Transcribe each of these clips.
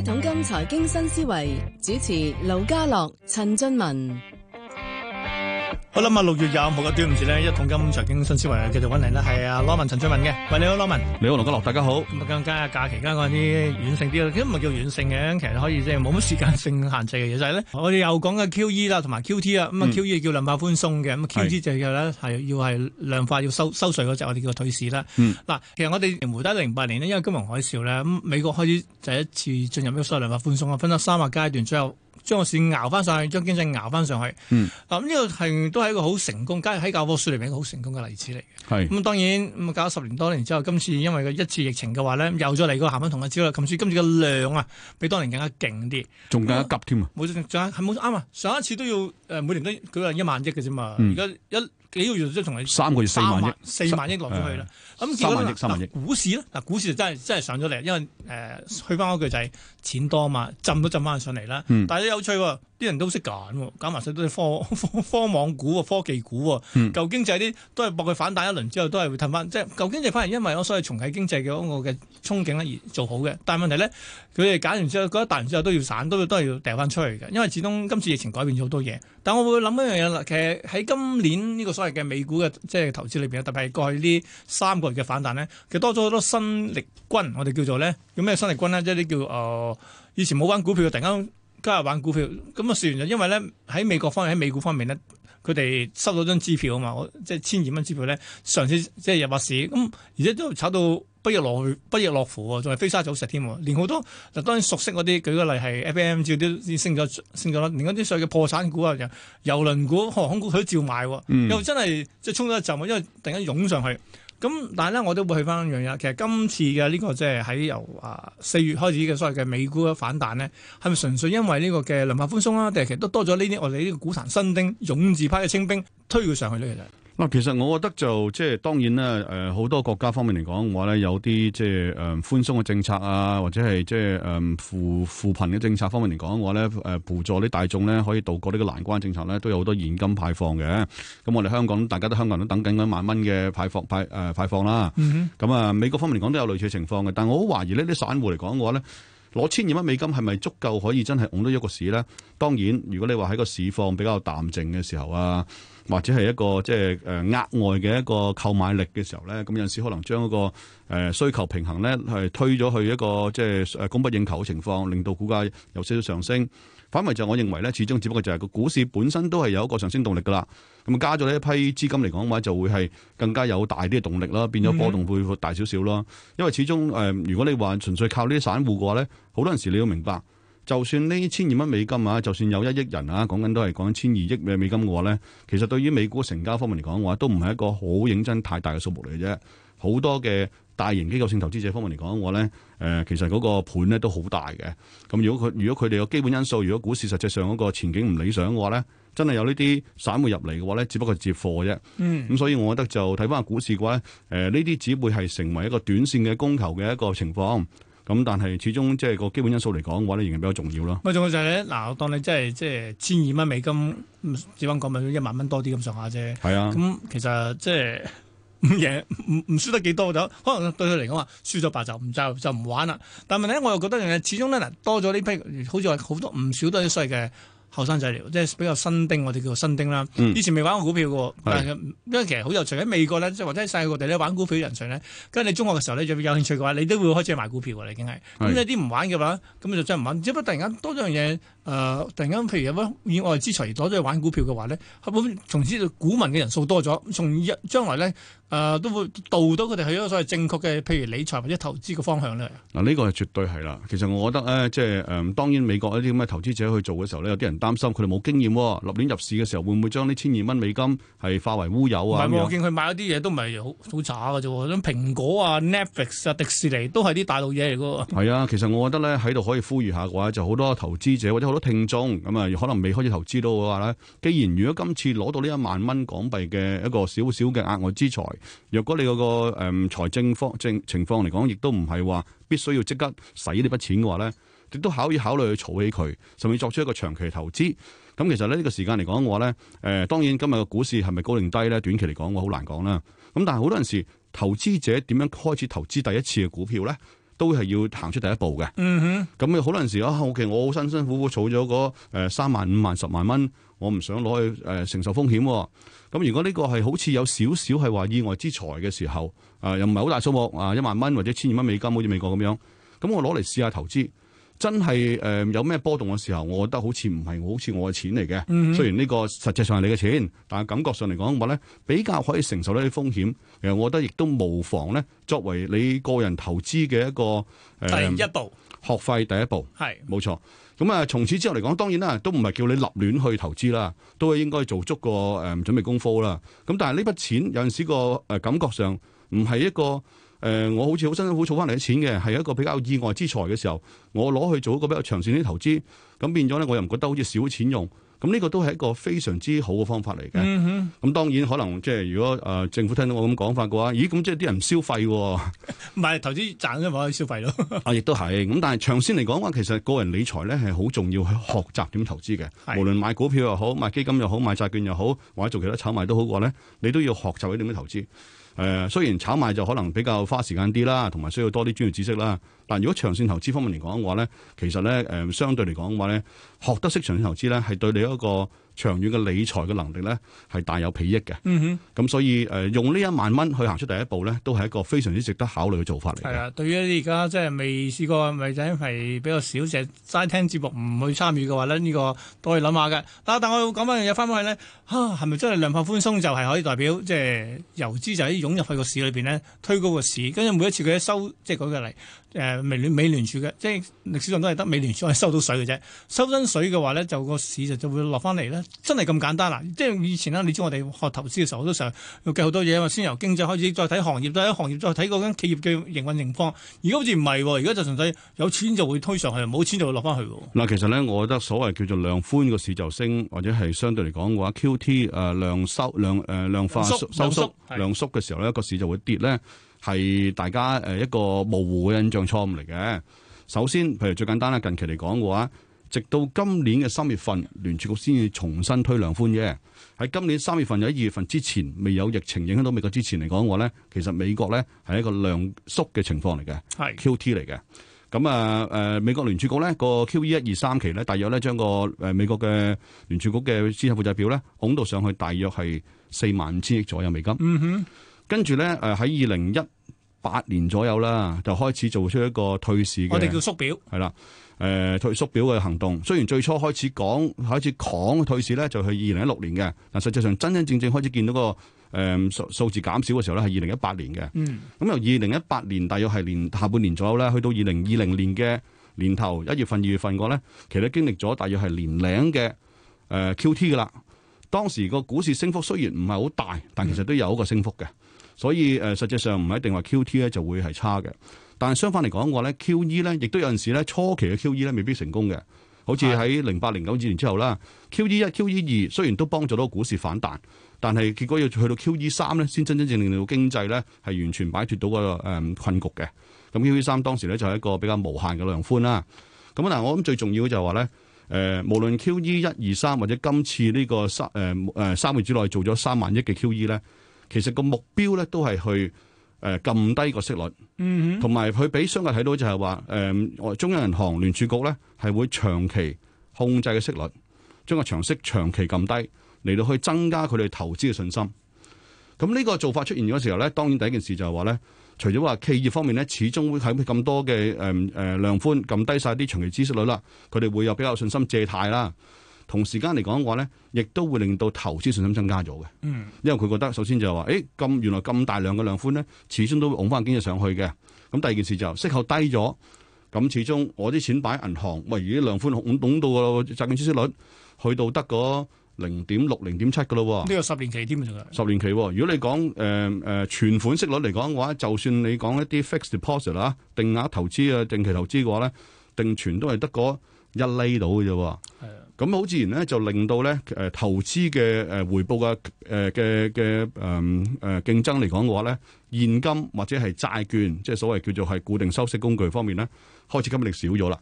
一桶金財經新思維，主持盧家樂、陳俊文。好啦，啊，六月廿五號嘅端午節，對唔住呢，一桶金財經新思維繼續搵嚟呢係阿羅文陳俊文嘅。喂，你好，羅文。你好，羅家樂，大家好。咁更加假期間嗰啲軟性啲，呢啲唔係叫軟性嘅，其實可以即係冇乜時間性限制嘅嘢。就係、是、呢，我哋又講嘅 QE 啦，同埋 QT 啊。咁啊，QE 叫量化寬鬆嘅，咁啊 QT 就係咧係要係量化要收收稅嗰隻，我哋叫做退市、嗯、啦。嗱，其實我哋回睇零八年咧，因為金融海嘯咧，咁、嗯、美國開始就一次進入一個量化寬鬆啊，分咗三個階段，最後。將個市熬翻上去，將經濟熬翻上去。去嗯，嗱咁呢個係都係一個好成功，梗係喺教科書裏面，一個好成功嘅例子嚟嘅。係咁是、嗯、當然，咁搞咗十年多年之後，今次因為個一次疫情嘅話呢，又再嚟個咸亨同阿招啦，咁住今次嘅量啊，比當年更加勁啲，仲更加,加急添啊！冇，冇啱啊！上一次都要誒、呃，每年都舉一萬億嘅啫嘛，而家、嗯、一幾個月都同你，三個月四萬億萬四萬億落咗去啦。啊咁、啊啊、股市咧，嗱、啊、股市就真係真係上咗嚟，因為誒、呃，去翻嗰句就係、是、錢多啊嘛，浸都浸翻上嚟啦。嗯、但係都有趣喎、哦，啲人都識揀、啊，揀埋曬啲科科科網股、啊、科技股、啊。舊、嗯、經濟啲都係博佢反彈一輪之後，都係會褪翻。即係舊經濟反而因為我所謂重啟經濟嘅嗰個嘅憧憬而做好嘅。但係問題咧，佢哋揀完之後，嗰一彈之後都要散，都都係要掉翻出去嘅。因為始終今次疫情改變咗好多嘢。但我會諗一樣嘢啦，其實喺今年呢個所謂嘅美股嘅即係投資裏邊，特別係過去呢三個。嘅反彈呢，其實多咗好多新力軍，我哋叫做呢，叫咩新力軍呢？即係啲叫誒、呃，以前冇玩股票突然間加入玩股票咁啊，試完啦。因為呢，喺美國方面喺美股方面呢，佢哋收到張支票啊嘛，即係千二蚊支票呢，上次即係入下市，咁、嗯、而且都炒到不亦樂不亦樂乎啊，仲係飛沙走石添，連好多嗱當然熟悉嗰啲，舉個例係 FM 照都升咗升咗啦，連嗰啲所謂嘅破產股啊，郵輪股、航空股，股，佢都照買，又真係即係衝咗一陣，因為突然間湧上去。咁、嗯、但係咧，我都會去翻一樣嘢。其實今次嘅呢個即係喺由啊四、呃、月開始嘅所謂嘅美股嘅反彈呢係咪純粹因為呢個嘅量化寬鬆啊？定係其實都多咗呢啲我哋呢個股壇新丁勇字派嘅清兵推佢上去呢？其實？嗱，其實我覺得就即、是、係當然啦，誒、呃，好多國家方面嚟講，話咧有啲即係誒寬鬆嘅政策啊，或者係即係誒扶扶貧嘅政策方面嚟講，話咧誒，輔助啲大眾咧可以渡過呢個難關，政策咧都有好多現金派放嘅。咁我哋香港，大家都香港人都等緊嗰萬蚊嘅派放派誒派放啦。咁、嗯、哼啊，美國方面嚟講都有類似嘅情況嘅，但我好懷疑呢啲散戶嚟講嘅話咧。攞千二蚊美金係咪足夠可以真係拱到一個市咧？當然，如果你話喺個市況比較淡靜嘅時候啊，或者係一個即係誒額外嘅一個購買力嘅時候咧，咁有陣時可能將嗰個、呃、需求平衡咧係推咗去一個即係供不應求嘅情況，令到股價有少少上升。反為就我認為咧，始終只不過就係個股市本身都係有一個上升動力噶啦，咁加咗呢一批資金嚟講嘅話，就會係更加有大啲嘅動力咯，變咗波動會大少少咯。Mm hmm. 因為始終誒、呃，如果你話純粹靠呢啲散戶嘅話咧，好多陣時你都明白，就算呢千二蚊美金啊，就算有一億人啊，講緊都係講緊千二億美金嘅話咧，其實對於美股成交方面嚟講嘅話，都唔係一個好認真太大嘅數目嚟嘅啫，好多嘅。大型機構性投資者方面嚟講嘅話咧，誒，其實嗰個盤咧都好大嘅。咁如果佢如果佢哋有基本因素，如果股市實際上嗰個前景唔理想嘅話咧，真係有呢啲散戶入嚟嘅話咧，只不過接貨啫。嗯。咁、嗯、所以我覺得就睇翻下股市嘅話，誒呢啲只會係成為一個短線嘅供求嘅一個情況。咁但係始終即係個基本因素嚟講嘅話咧，仍然比較重要咯。我仲有就係咧，嗱、嗯，當你即係即係千二蚊美金紙張金咪一萬蚊多啲咁上下啫。係啊。咁其實即、就、係、是。嗯嗯唔贏，唔唔輸得幾多就，可能對佢嚟講話輸咗八就，就就唔玩啦。但係呢，我又覺得始終咧，嗱多咗呢批，好似話好多唔少都係衰嘅。後生仔嚟，即係比較新丁，我哋叫做新丁啦。以前未玩過股票嘅喎，因為、嗯、其實好有趣。喺美國咧，即係或者喺細個地玩股票人上咧，跟住你中學嘅時候咧，如果有興趣嘅話，你都會開始買股票嘅啦，已經係。咁有啲唔玩嘅話，咁就真係唔玩。只不過突然間多咗樣嘢，誒、呃，突然間譬如有乜意外之財咗，攞咗去玩股票嘅話咧，咁從此股民嘅人數多咗，從將來咧誒、呃、都會導到佢哋去咗所謂正確嘅，譬如理財或者投資嘅方向咧。嗱、啊，呢、呢個係絕對係啦。其實我覺得咧、呃，即係誒、呃，當然美國一啲咁嘅投資者去做嘅時候咧，有啲人。擔心佢哋冇經驗，立亂入市嘅時候會唔會將呢千二蚊美金係化為烏有啊？唔係，我見佢買一啲嘢都唔係好好渣嘅啫，嗰啲蘋果啊、Netflix 啊、迪士尼都係啲大陸嘢嚟噶喎。係啊，其實我覺得咧喺度可以呼籲下嘅話，就好多投資者或者好多聽眾咁啊，可能未開始投資到嘅話咧，既然如果今次攞到呢一萬蚊港幣嘅一個少少嘅額外資財，若果你嗰個誒財政方正情況嚟講，亦都唔係話必須要即刻使呢筆錢嘅話咧。亦都可以考慮去儲起佢，甚至作出一個長期投資。咁其實咧，呢個時間嚟講，嘅話咧，誒當然今日嘅股市係咪高定低咧？短期嚟講，我好難講啦。咁但係好多陣時，投資者點樣開始投資第一次嘅股票咧，都係要行出第一步嘅。嗯哼、mm。咁、hmm. 啊，好多陣時啊，OK，我好辛辛苦苦儲咗嗰三萬、五萬、十萬蚊，我唔想攞去誒承受風險。咁如果呢個係好似有少少係話意外之財嘅時候，啊又唔係好大數目啊，一萬蚊或者千二蚊美金，好似美國咁樣，咁我攞嚟試下投資。真係誒、呃、有咩波動嘅時候，我覺得好似唔係好似我嘅錢嚟嘅。Mm hmm. 雖然呢個實際上係你嘅錢，但係感覺上嚟講，話咧比較可以承受呢啲風險。其實我覺得亦都無妨咧，作為你個人投資嘅一個、呃、第一步，學費第一步係冇是錯。咁、嗯、啊，從此之後嚟講，當然啦，都唔係叫你立亂去投資啦，都係應該做足個誒、呃、準備功夫啦。咁但係呢筆錢有陣時個誒感覺上唔係一個。誒、呃，我好似好辛苦儲翻嚟啲錢嘅，係一個比較意外之財嘅時候，我攞去做一個比較長線啲投資，咁變咗咧，我又唔覺得好似少錢用，咁呢個都係一個非常之好嘅方法嚟嘅。咁、嗯哼嗯、當然可能即係如果誒、呃、政府聽到我咁講法嘅話，咦，咁即係啲人唔消費喎？唔係，投資賺咗咪可以消費咯？啊，亦、啊 啊、都係，咁但係長線嚟講嘅話，其實個人理財咧係好重要去學習點樣投資嘅。的無論買股票又好，買基金又好，買債券又好，或者做其他炒賣都好嘅話咧，你都要學習一點嘅投資。誒、呃、雖然炒賣就可能比較花時間啲啦，同埋需要多啲專業知識啦。但如果長線投資方面嚟講嘅話咧，其實咧誒、呃、相對嚟講嘅話咧，學得識長線投資咧，係對你一個長遠嘅理財嘅能力呢，係大有裨益嘅。嗯哼，咁、嗯、所以誒、呃、用呢一萬蚊去行出第一步呢，都係一個非常之值得考慮嘅做法嚟。係啊，對於你而家即係未試過，咪者係比較少，只齋聽節目唔去參與嘅話呢，呢、這個都可以諗下嘅嗱、啊。但係我講翻嘢翻返去呢，嚇係咪真係量化寬鬆就係可以代表即係遊資就喺湧入去個市裏邊呢，推高個市，跟住每一次佢一收，即係舉個例。誒、呃、美聯美聯儲嘅，即係歷史上都係得美聯儲係收到水嘅啫。收真水嘅話咧，就個市就就會落翻嚟啦。真係咁簡單啦！即係以前呢，你知我哋學投資嘅時候，好多時候要計好多嘢啊嘛。先由經濟開始，再睇行業，再睇行業，再睇嗰間企業嘅營運情況。而家好似唔係喎，而家就純粹有錢就會推上去，冇錢就會落翻去喎。嗱，其實咧，我覺得所謂叫做量寬，個市就升，或者係相對嚟講嘅話，QT 誒、呃、量收量誒、呃、量化縮量縮嘅時候咧，個市就會跌咧。 係大家誒一個模糊嘅印象錯誤嚟嘅。首先，譬如最簡單啦，近期嚟講嘅話，直到今年嘅三月份，聯儲局先至重新推量寬嘅。喺今年三月份，喺二月份之前未有疫情影響到美國之前嚟講嘅話咧，其實美國咧係一個量縮嘅情況嚟嘅，係 QT 嚟嘅。咁啊誒，美國聯儲局咧個 QE 一二三期咧，大約咧將個誒美國嘅聯儲局嘅資產負債表咧，拱到上去大約係四萬五千億左右美金。嗯哼。跟住咧，誒喺二零一八年左右啦，就開始做出一個退市嘅，我哋叫縮表，係啦，誒、呃、退縮表嘅行動。雖然最初開始講、開始講退市咧，就係二零一六年嘅，但實際上真真正正開始見到、嗰個誒、呃、數數字減少嘅時候咧，係二零一八年嘅。嗯，咁由二零一八年大約係年下半年左右咧，去到二零二零年嘅年頭一月份、二月份個咧，其實都經歷咗大約係年零嘅誒 QT 噶啦。當時個股市升幅雖然唔係好大，但其實都有一個升幅嘅，所以誒、呃，實際上唔係一定話 QT 咧就會係差嘅。但係相反嚟講嘅話咧，QE 咧亦都有陣時咧初期嘅 QE 咧未必成功嘅，好似喺零八零九年之後啦，QE 一、的 QE 二、e、雖然都幫助到股市反彈，但係結果要去到 QE 三咧先真真正正令到經濟咧係完全擺脱到、那個誒、呃、困局嘅。咁 QE 三當時咧就係、是、一個比較無限嘅量寬啦。咁但係，我諗最重要就係話咧。誒、呃，無論 QE 一、二、三，或者今次呢、這個、呃呃、三誒誒三個月之內做咗三萬億嘅 QE 咧，其實個目標咧都係去誒撳、呃、低個息率，嗯哼，同埋佢俾商界睇到就係話誒中央銀行聯儲局咧係會長期控制嘅息率，將個長息長期撳低嚟到去增加佢哋投資嘅信心。咁呢個做法出現嘅時候咧，當然第一件事就係話咧。除咗話企業方面咧，始終會喺咁多嘅誒誒量寬撳低晒啲長期孳息率啦，佢哋會有比較有信心借貸啦。同時間嚟講嘅話咧，亦都會令到投資信心增加咗嘅。嗯，因為佢覺得首先就係話，誒咁原來咁大量嘅量寬咧，始終都掹翻經濟上去嘅。咁第二件事就係、息口低咗，咁始終我啲錢擺銀行，喂如啲量寬紅懂到個債券孳息率去到得個零點六、零點七噶咯，呢個十年期添，十年期。如果你講誒誒存款息率嚟講嘅話，就算你講一啲 fixed deposit 啦、啊、定額投資啊、定期投資嘅話咧，定存都係得嗰一厘到嘅啫。係咁好自然咧，就令到咧誒、呃、投資嘅誒回報嘅誒嘅嘅誒誒競爭嚟講嘅話咧，現金或者係債券，即、就、係、是、所謂叫做係固定收息工具方面咧，開始吸引力少咗啦。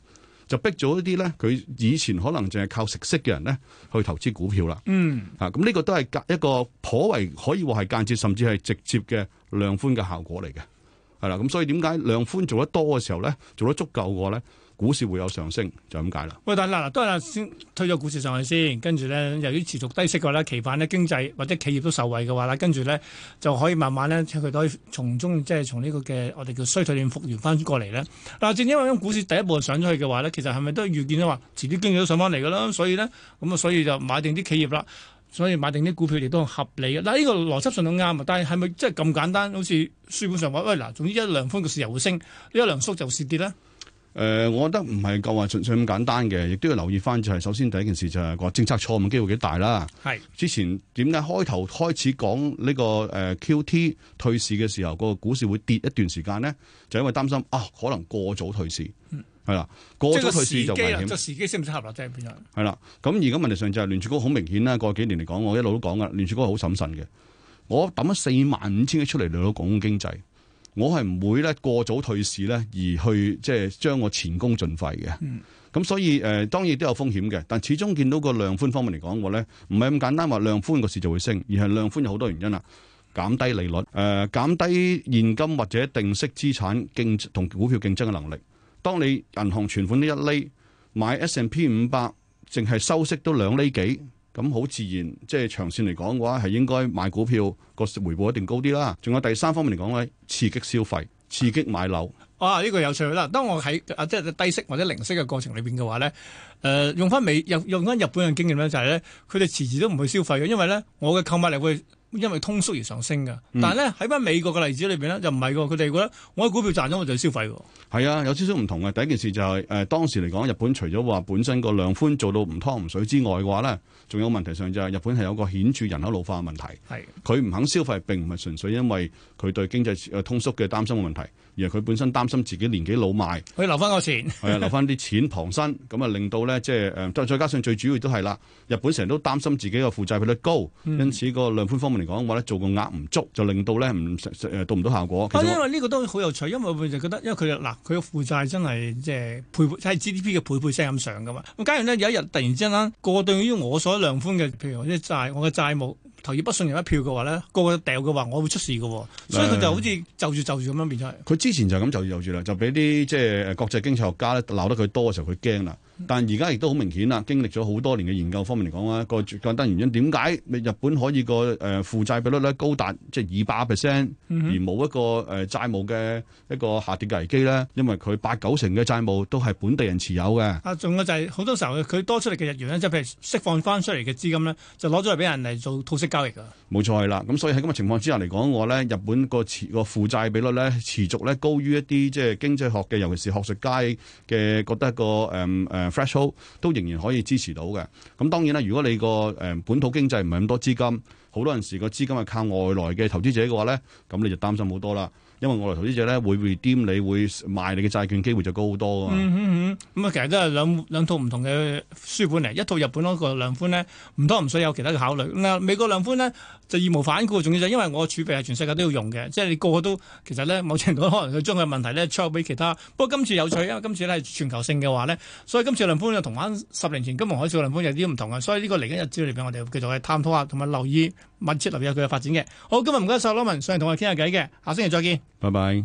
就逼咗一啲咧，佢以前可能淨係靠食息嘅人咧，去投資股票啦、嗯啊這個。嗯，啊，咁呢個都係間一個頗為可以話係間接甚至係直接嘅量寬嘅效果嚟嘅，係啦。咁所以點解量寬做得多嘅時候咧，做得足夠嘅話咧？股市會有上升，就咁解啦。喂，但係嗱，都係先推咗股市上去先，跟住咧，由於持續低息嘅話咧，期盼咧經濟或者企業都受惠嘅話啦，跟住咧就可以慢慢咧，佢都可以從中即係從呢個嘅我哋叫衰退點復原翻過嚟咧。嗱，正因為咁，股市第一步上咗去嘅話咧，其實係咪都預見到話遲啲經濟都上翻嚟嘅啦？所以呢，咁啊，所以就買定啲企業啦，所以買定啲股票亦都合理嘅。嗱，呢個邏輯上都啱啊。但係係咪真係咁簡單？好似書本上話，「喂嗱，總之一量寬嘅市又會升，一量縮就蝕跌啦。」誒、呃，我覺得唔係夠話純粹咁簡單嘅，亦都要留意翻就係首先第一件事就係話政策錯誤嘅機會幾大啦。係是之前點解開頭開始講呢個誒 QT 退市嘅時候，那個股市會跌一段時間咧？就因為擔心啊，可能過早退市，係啦、嗯，過早退市就危險。嗯、時就時機適唔適合啦，即係邊樣？係啦，咁而家問題上就係聯儲局好明顯啦。過幾年嚟講，我一路都講噶，聯儲局好審慎嘅。我抌咗四萬五千億出嚟嚟到廣東經濟。我係唔會咧過早退市咧，而去即係將我前功盡廢嘅。咁、嗯、所以誒、呃，當然都有風險嘅。但始終見到個量寬方面嚟講，我咧唔係咁簡單話量寬個時就會升，而係量寬有好多原因啦。減低利率誒、呃，減低現金或者定息資產競同股票競爭嘅能力。當你銀行存款呢一厘買 S&P 五百，淨係收息都兩厘幾。咁好、嗯、自然，即係長線嚟講嘅話，係應該買股票個回報一定高啲啦。仲有第三方面嚟講咧，刺激消費、刺激買樓。啊，呢、呢個有趣啦！當我喺啊，即、呃、係低息或者零息嘅過程裏邊嘅話咧，誒、呃，用翻美，用用翻日本嘅經驗咧、就係，就係咧，佢哋遲遲都唔去消費嘅，因為咧，我嘅購買力會因為通縮而上升噶，但係咧喺翻美國嘅例子裏邊咧就唔係噶，佢哋覺得我喺股票賺咗我就要消費喎。係啊，有少少唔同嘅。第一件事就係、是、誒、呃，當時嚟講，日本除咗話本身個量寬做到唔湯唔水之外嘅話咧，仲有問題上就係、是、日本係有個顯著人口老化嘅問題。係佢唔肯消費，並唔係純粹因為佢對經濟誒通縮嘅擔心嘅問題。而佢本身擔心自己年紀老邁，佢留翻個錢，係 啊，留翻啲錢傍身，咁啊令到咧，即係誒，再再加上最主要都係啦，日本成日都擔心自己個負債比率高，嗯、因此個量寬方面嚟講，話咧做個額唔足，就令到咧唔到唔到效果。啊、因為呢個都好有趣，因為佢就覺得，因為佢嗱，佢嘅負債真係即係倍倍，GDP 嘅倍倍聲咁上噶嘛。咁假如呢，有一日突然之間過對於我所量寬嘅，譬如啲債，我嘅債務。投以不信任一票嘅話咧，個個掉嘅話，我會出事嘅、哦，的所以佢就好似就住就住咁樣變出嚟。佢之前就係咁就住就住啦，就俾啲即係國際經濟學家咧鬧得佢多嘅時候，佢驚啦。但而家亦都好明顯啦，經歷咗好多年嘅研究方面嚟講啦，個簡單原因點解日本可以個誒、呃、負債比率咧高達即係二百 percent，而冇一個誒、呃、債務嘅一個下跌嘅危機咧，因為佢八九成嘅債務都係本地人持有嘅。啊，仲有就係、是、好多時候佢多出嚟嘅日元咧，即、就、係、是、譬如釋放翻出嚟嘅資金咧，就攞咗嚟俾人嚟做套息交易㗎。冇錯係啦，咁所以喺咁嘅情況之下嚟講，我咧日本個持個負債比率咧持續咧高於一啲即係經濟學嘅，尤其是學術界嘅覺得一個誒誒。嗯嗯 Threshold 都仍然可以支持到嘅，咁當然啦，如果你個誒本土經濟唔係咁多資金，好多陣時個資金係靠外來嘅投資者嘅話咧，咁你就擔心好多啦。因為我哋投資者呢，會 redeem，你會賣你嘅債券機會就高好多啊。咁啊、嗯嗯嗯，其實都係兩兩套唔同嘅書本嚟。一套日本嗰個量寬呢，唔多唔少有其他嘅考慮。咁美國量寬呢，就義無反顧，重要就因為我儲備係全世界都要用嘅，即係你個個都其實呢，某程度可能佢將佢問題呢，charge 俾其他。不過今次有趣，因為今次呢係全球性嘅話呢。所以今次量寬就同翻十年前金融海嘯嘅量寬有啲唔同啊。所以呢個嚟緊日子，裏邊，我哋繼續去探討下，同埋留意密切留意佢嘅發展嘅。好，今日唔該曬，俊文上嚟同我傾下偈嘅，下星期再見。拜拜。